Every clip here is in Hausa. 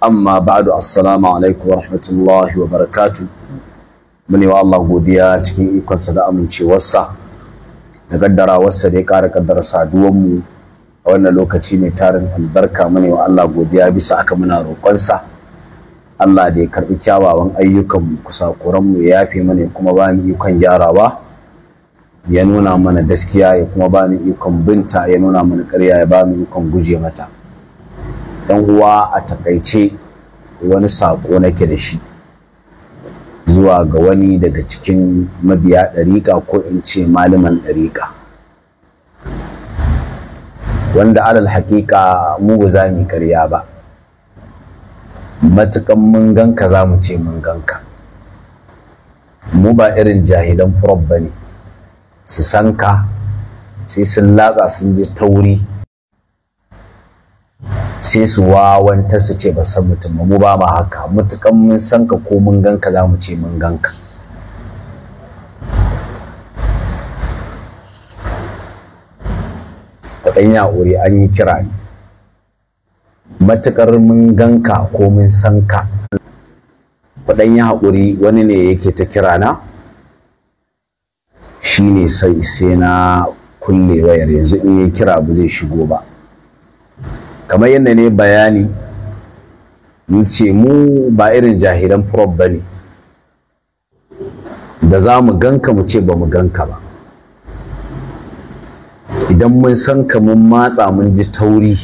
amma ba'du assalamu alaikum wa barakatu mune wa Allah godiya cikin ikonsa da amincewarsa da gaddara wasa da ya ƙara ƙaddara saduwanmu mu a wannan lokaci mai tarin albarka Mani wa Allah godiya bisa aka muna roƙonsa Allah da ya karɓi kyawawan ayyukan mu kusa kuran mu ya yafe mana kuma ba mu ikon gyarawa ya nuna mana gaskiya ya kuma ba mu ikon binta ya nuna mana ƙarya ya ba mu ikon guje mata yan uwa a takaice wani sako nake da shi zuwa ga wani daga cikin mabiya ɗariƙa ko in ce malaman ɗariƙa wanda alal haƙiƙa mu ba za mu karya ba matukan mun ganka za mu ce mun ganka mu ba irin jahilan furob ba ne su san sai sun latsa sun ji tauri sai su wawanta su ce ba san mutum ba mu ba ma haka mutukan mun san ka ko mun ganka za mu ce mun ganka ya yaƙuri an yi kira ne matuƙar mun ganka ko mun san ka kuɗin yaƙuri wani ne yake ta kira na shi ne sai na kulle wayar yanzu in yi kira ba zai shigo ba kamar yadda ne bayani mun ce mu ba irin jahilan prof ba ne da za mu ganka mu ce ba mu ganka ba idan mun san ka mun matsa mun ji tauri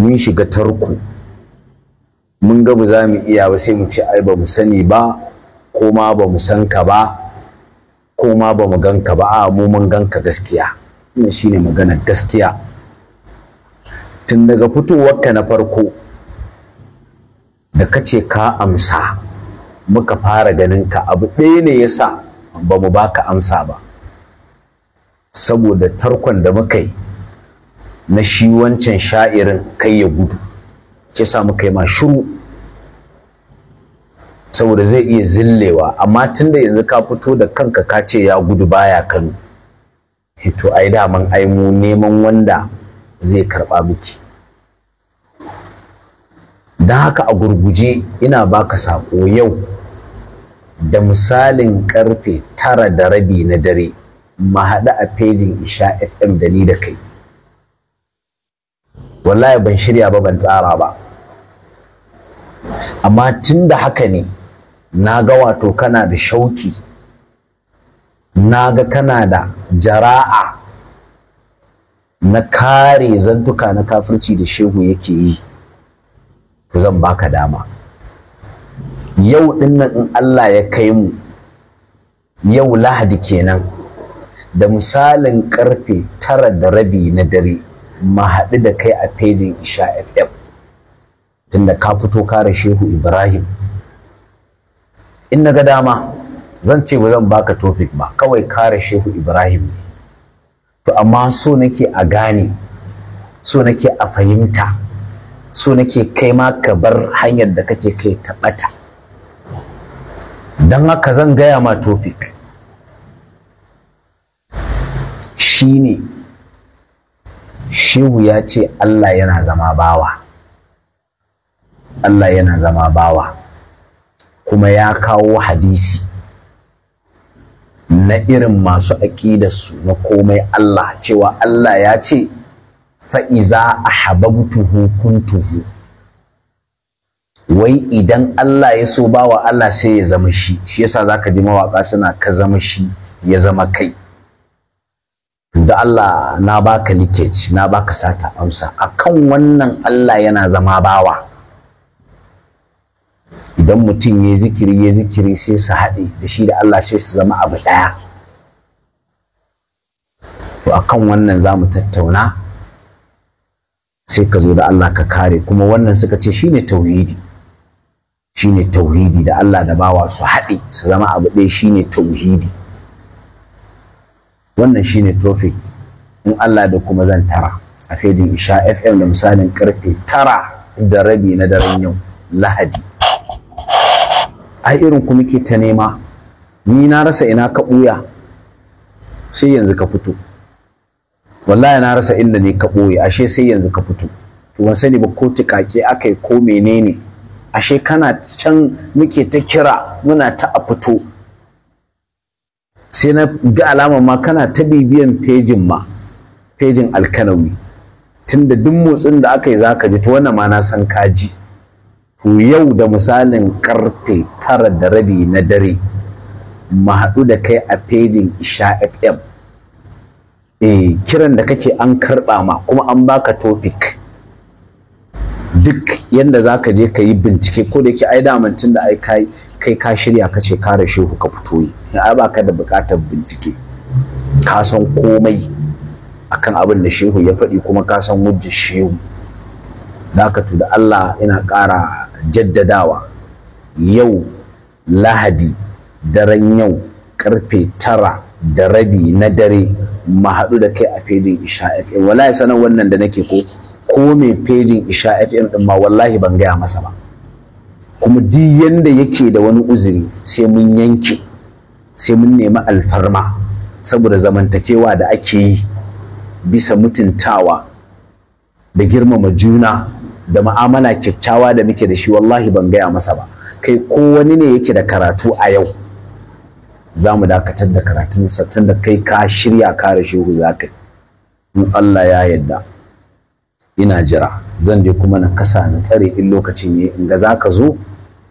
mun shiga tarku mun ga ba za mu iya ba sai mu ce ai ba mu sani ba ko ma ba mu san ka ba ko ma ba mu ganka ba a mu mun ganka gaskiya ne shine magana gaskiya tun daga fitowarka na farko da kace ka amsa muka fara ganin ka abu ɗaya ne ya yasa ba mu baka amsa ba saboda tarkon da muka yi na shi wancan sha'irin kai ya gudu ke sa muka yi ma shiru saboda zai iya zillewa amma tun da yanzu ka fito da kanka ka ce ya gudu baya kanu Eh, to ai daman ai mu neman wanda zai karɓa miki don haka a gurguje ina baka saƙo yau da misalin karfe tara da rabi na dare mu hada a fejin isha fm da ni da kai wallahi ban shirya ba ban tsara ba amma tun da haka ne na ga wato kana da shauki na ga kana da jara'a na kare zantuka na kafirci da shehu yake yi ku zan baka dama yau dinnan in Allah ya kai mu yau lahadi kenan da misalin karfe tara da rabi na dare ma haɗu da kai a fejin isha fm tunda ka fito kare shehu ibrahim in na ga dama zan ce ba zan baka topic ba kawai kare shehu ibrahim ne to amma so nake a gane so nake a fahimta so nake kai ma ka bar hanyar da kake kai ta bata don haka zan gaya ma topic shine shehu ya ce allah yana zama bawa allah yana zama bawa kuma ya kawo hadisi na irin masu su na komai Allah cewa Allah ya ce fa'iza a hababtuhu tuhu. wai idan Allah ya so ba wa Allah sai ya zama shi shi yasa za ka ji mawaƙa suna ka zama shi ya zama kai da Allah na baka likage na baka sata amsa akan wannan Allah yana zama bawa idan mutum ya zikiri ya zikiri sai su haɗe da shi da Allah sai su zama abu ɗaya to a kan wannan za mu tattauna sai ka zo da Allah ka kare kuma wannan suka ce shi ne tauhidi shi ne tauhidi da Allah da bawa su haɗe su zama abu ɗaya shi ne tauhidi wannan shi ne topic in Allah da kuma zan tara a fedin Isha FM da misalin karfe tara da rabi na daren yau Lahadi ai irin ku muke ta nema ni na rasa ina ka ɓuya sai yanzu ka fito wallahi na rasa inda ne ka ɓoye ashe sai yanzu ka fito to ban sani ba ko tukake aka ko menene ashe kana can muke ta kira muna ta a fito sai na ga alama ma kana ta bibiyan fejin ma fejin alkanawi tunda duk motsin da aka yi za ka ji to wannan ma na san ka ji to yau da misalin karfe tara da rabi na dare mu haɗu da kai a fejin isha fm eh kiran da kake an karɓa ma kuma an baka topic duk yadda za ka je ka yi bincike ko da yake ai damantin da ai kai kai ka shirya ka ce kare shehu ka fito yi ai ba ka da buƙatar bincike ka san komai akan abin da shehu ya faɗi kuma ka san wujjar shehu da ka da Allah ina ƙara jaddadawa yau lahadi daren yau karfe tara da rabi na dare ma haɗu da kai a fedin isha fm wallahi sanan wannan da nake ko ko mai fedin isha fm ɗin ma wallahi ban gaya masa ba kuma duk yanda yake da wani uzuri sai mun yanke sai mun nemi alfarma saboda zamantakewa da ake yi bisa mutuntawa da girmama juna da ma'amala kyakkyawa da muke da shi wallahi ban gaya masa ba kai ko wani ne yake da karatu a yau za mu dakatar da karatun sattin da kai ka shirya kare shehu za ka in Allah ya yarda ina jira zan je kuma na kasa na tsare in lokacin ya in ga za ka zo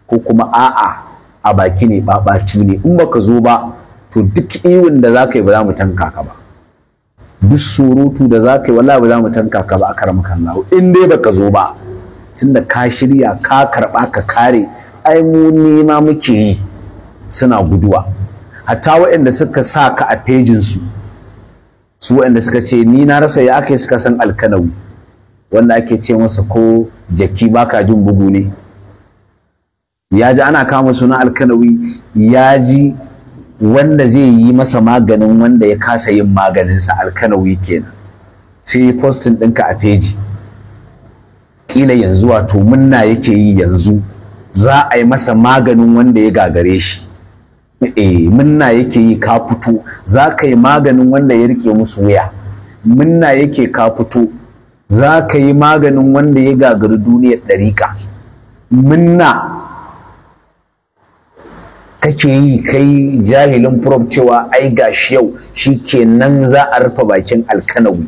ko kuma a'a a baki ne ɓaɓatu ne in baka zo ba to duk iwin da za ka yi ba za mu tanka ka ba duk surutu da za ka yi wallahi ba za mu tanka ka ba a karamka Allah in dai baka zo ba tunda ka shirya ka karba ka kare ai mu nema muke yi suna guduwa hatta waɗanda suka sa ka a pejin su su waɗanda suka ce ni na rasa ya ake suka san alkanawi wanda ake ce masa ko jaki baka jin bugu ne ya ji ana kama sunan alkanawi ya ji wanda zai yi masa maganin wanda ya kasa yin maganinsa alkanawi kenan sai yi postin ɗinka a feji ƙila yanzu wato munna yake yi yanzu za a yi masa maganin wanda ya gagare shi eh, munna yake yi ka fito za ka yi maganin wanda ya rike musu wuya munna yake ka fito za ka yi maganin wanda ya gagari duniyar ɗariƙa munna kake yi kai jahilin prof cewa ai gashi yau shi kenan za a rufe bakin alkanawi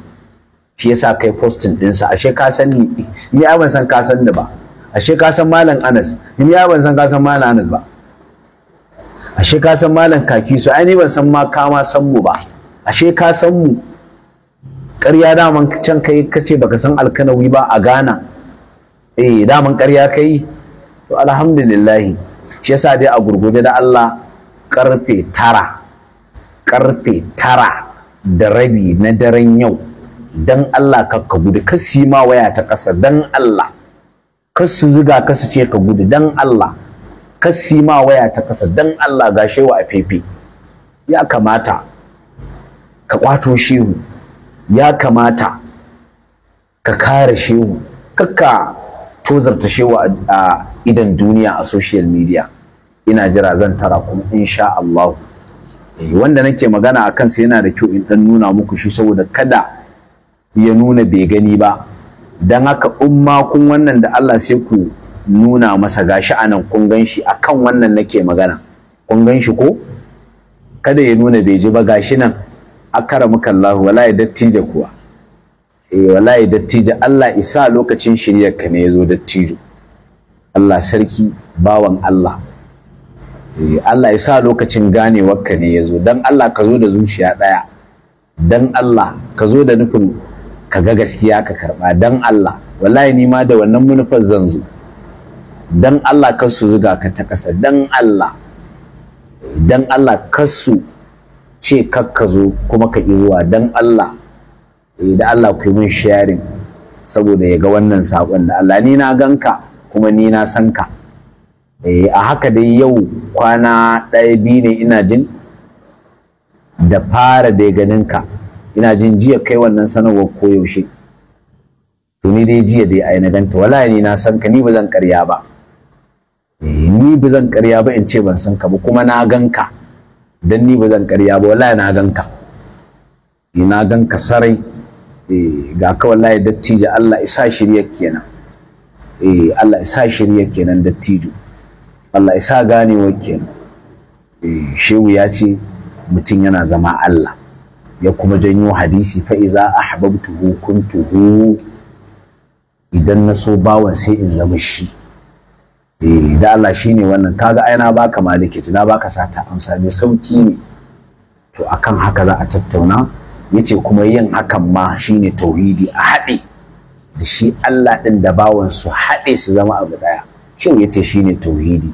shi yasa kai postin dinsa. ashe ka san ni ni ai ban san ka san ni ba ashe ka san malam Anas ni ai ban san ka san malam Anas ba ashe ka san malam kaki so ai ni ban san ma ka ma san mu ba ashe ka san mu ƙarya daman can kai kace baka san alkanawi ba a Ghana eh daman ƙarya kai to alhamdulillah shi yasa dai a gurguje da Allah karfe tara karfe tara da rabi na daren yau dan Allah ka ka gudu ka ma waya ta ƙasa dan Allah ka su zuga ka su ce ka gudu dan Allah ka ma waya ta ƙasa dan Allah ga shewa a fefe ya kamata ka kwato shehu ya kamata ka kare shehu kakka tozarta shewa a idan duniya a social media ina jira zan tara kuma insha Allah eh, wanda nake magana a kansa yana da kyau in dan nuna muku shi saboda kada ya nuna bai gani ba dan haka in ma kun wannan da Allah sai ku nuna masa gashi anan kun gan shi akan wannan nake magana kun gan shi ko kada ya nuna bai ji ba gashi nan akaramuka Allah wallahi dattijo kuwa eh wallahi dattijo Allah isa lokacin ka ne yazo dattijo Allah sarki bawan Allah Eh, Allah ya sa lokacin ganewarka ne ya zo don Allah ka zo da zuciya ɗaya don Allah ka zo da nufin ka ga gaskiya ka karɓa don Allah wallahi ni ma da wannan manufar zan zo don Allah kar su zuga ka ta ƙasa don Allah don Allah kar su ce kar ka zo kuma ka ƙi zuwa don Allah eh, da Allah ku yi min sharing saboda ya ga wannan saƙon da Allah ni na ganka kuma ni na san ka Eh, a haka dai yau kwana ɗaya biyu ne ina jin da fara da ganinka ina jin jiya kai wannan sanarwar koyaushe to ni dai jiya dai ai na ganta wallahi ni na san ka ni ba zan karya ba eh, ni ba zan karya ba in ce ban san ka ba kuma na gan ka dan ni ba zan karya ba wallahi na ka ina eh, ka sarai ga ka wallahi dattijo Allah isa shirya kenan eh Allah isa shirya kenan dattijo Allah ya sa ganewa kenan eh, shehu ya ce mutum yana zama Allah ya kuma janyo hadisi fa'iza a kun kuntuhu idan na so bawan sai in zama shi eh, da Allah shi ne wannan kaga yana baka maliki na baka sata, amsa mai sauki ne to akan haka za a tattauna yace kuma yin hakan ma shine tauhidi a haɗe da shi Allah ɗin da bawan su haɗe su zama abu ɗaya shin yace shine tauhidi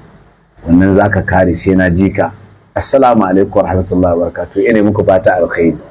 wannan zaka kare sai na jika assalamu alaikum warahmatullahi wabarakatuh ina muku fata alkhairi